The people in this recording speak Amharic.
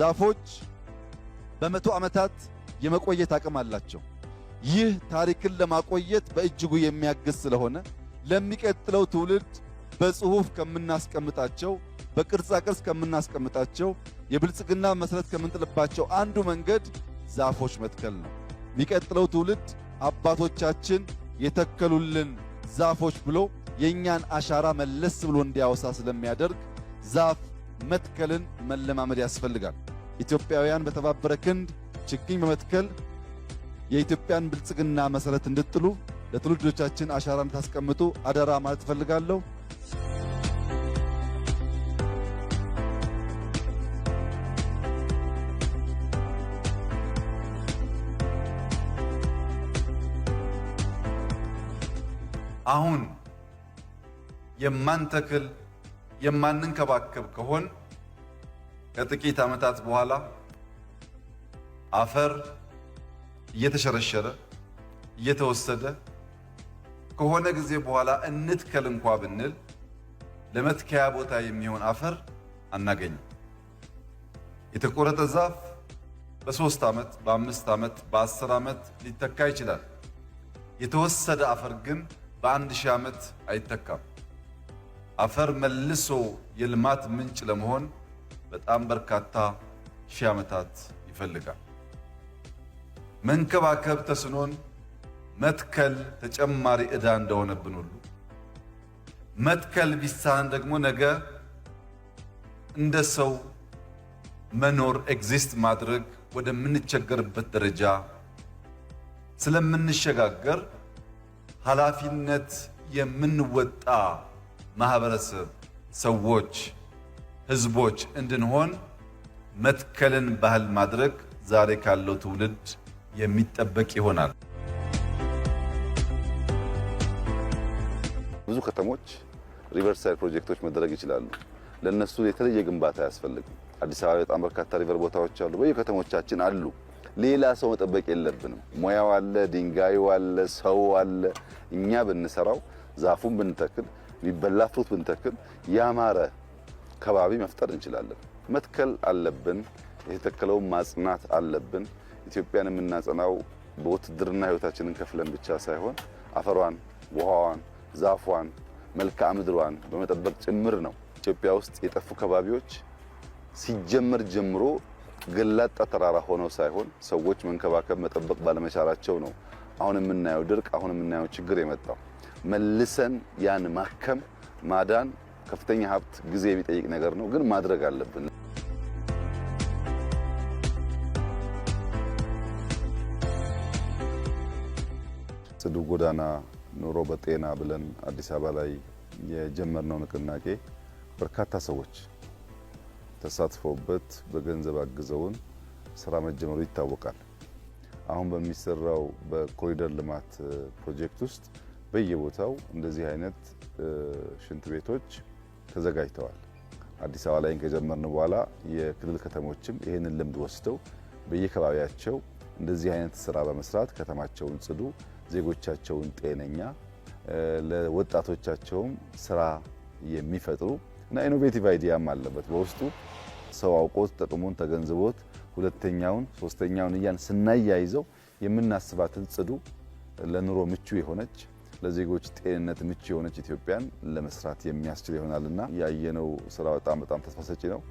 ዛፎች በመቶ ዓመታት የመቆየት አቅም አላቸው። ይህ ታሪክን ለማቆየት በእጅጉ የሚያግዝ ስለሆነ ለሚቀጥለው ትውልድ በጽሁፍ ከምናስቀምጣቸው፣ በቅርጻ ቅርጽ ከምናስቀምጣቸው፣ የብልጽግና መሰረት ከምንጥልባቸው አንዱ መንገድ ዛፎች መትከል ነው። የሚቀጥለው ትውልድ አባቶቻችን የተከሉልን ዛፎች ብሎ የእኛን አሻራ መለስ ብሎ እንዲያወሳ ስለሚያደርግ ዛፍ መትከልን መለማመድ ያስፈልጋል። ኢትዮጵያውያን በተባበረ ክንድ ችግኝ በመትከል የኢትዮጵያን ብልጽግና መሰረት እንድጥሉ ለትውልዶቻችን አሻራ እንድታስቀምጡ አደራ ማለት እፈልጋለሁ። አሁን የማንተክል የማንንከባከብ ከሆን ከጥቂት ዓመታት በኋላ አፈር እየተሸረሸረ እየተወሰደ ከሆነ ጊዜ በኋላ እንትከል እንኳ ብንል ለመትከያ ቦታ የሚሆን አፈር አናገኝም። የተቆረጠ ዛፍ በሶስት ዓመት በአምስት ዓመት በአስር ዓመት ሊተካ ይችላል። የተወሰደ አፈር ግን በአንድ ሺህ ዓመት አይተካም። አፈር መልሶ የልማት ምንጭ ለመሆን በጣም በርካታ ሺህ ዓመታት ይፈልጋል። መንከባከብ ተስኖን መትከል ተጨማሪ ዕዳ እንደሆነብን ሁሉ መትከል ቢሳህን ደግሞ ነገ እንደ ሰው መኖር ኤግዚስት ማድረግ ወደምንቸገርበት ደረጃ ስለምንሸጋገር ኃላፊነት የምንወጣ ማህበረሰብ፣ ሰዎች፣ ህዝቦች እንድንሆን መትከልን ባህል ማድረግ ዛሬ ካለው ትውልድ የሚጠበቅ ይሆናል። ብዙ ከተሞች ሪቨርሳይድ ፕሮጀክቶች መደረግ ይችላሉ። ለእነሱ የተለየ ግንባታ አያስፈልግም። አዲስ አበባ በጣም በርካታ ሪቨር ቦታዎች አሉ፣ በየከተሞቻችን አሉ። ሌላ ሰው መጠበቅ የለብንም። ሙያው አለ፣ ድንጋዩ አለ፣ ሰው አለ። እኛ ብንሰራው ዛፉን ብንተክል የሚበላ ፍሩት ብንተክል ያማረ ከባቢ መፍጠር እንችላለን። መትከል አለብን። የተተከለውን ማጽናት አለብን። ኢትዮጵያን የምናጸናው በውትድርና ህይወታችንን ከፍለን ብቻ ሳይሆን አፈሯን፣ ውሃዋን፣ ዛፏን፣ መልክዓ ምድሯን በመጠበቅ ጭምር ነው። ኢትዮጵያ ውስጥ የጠፉ ከባቢዎች ሲጀመር ጀምሮ ገላጣ ተራራ ሆነው ሳይሆን ሰዎች መንከባከብ መጠበቅ ባለመቻላቸው ነው አሁን የምናየው ድርቅ፣ አሁን የምናየው ችግር የመጣው መልሰን ያን ማከም ማዳን ከፍተኛ ሀብት፣ ጊዜ የሚጠይቅ ነገር ነው፣ ግን ማድረግ አለብን። ጽዱ ጎዳና ኑሮ በጤና ብለን አዲስ አበባ ላይ የጀመርነው ንቅናቄ በርካታ ሰዎች ተሳትፈውበት በገንዘብ አግዘውን ስራ መጀመሩ ይታወቃል። አሁን በሚሰራው በኮሪደር ልማት ፕሮጀክት ውስጥ በየቦታው እንደዚህ አይነት ሽንት ቤቶች ተዘጋጅተዋል። አዲስ አበባ ላይ ከጀመርን በኋላ የክልል ከተሞችም ይህንን ልምድ ወስደው በየከባቢያቸው እንደዚህ አይነት ስራ በመስራት ከተማቸውን ጽዱ፣ ዜጎቻቸውን ጤነኛ፣ ለወጣቶቻቸውም ስራ የሚፈጥሩ እና ኢኖቬቲቭ አይዲያም አለበት በውስጡ ሰው አውቆት ጥቅሙን ተገንዝቦት ሁለተኛውን ሶስተኛውን እያን ስናያይዘው የምናስባትን ጽዱ፣ ለኑሮ ምቹ የሆነች ለዜጎች ጤንነት ምቹ የሆነች ኢትዮጵያን ለመስራት የሚያስችል ይሆናልና ያየነው ስራ በጣም በጣም ተስፋ ሰጪ ነው።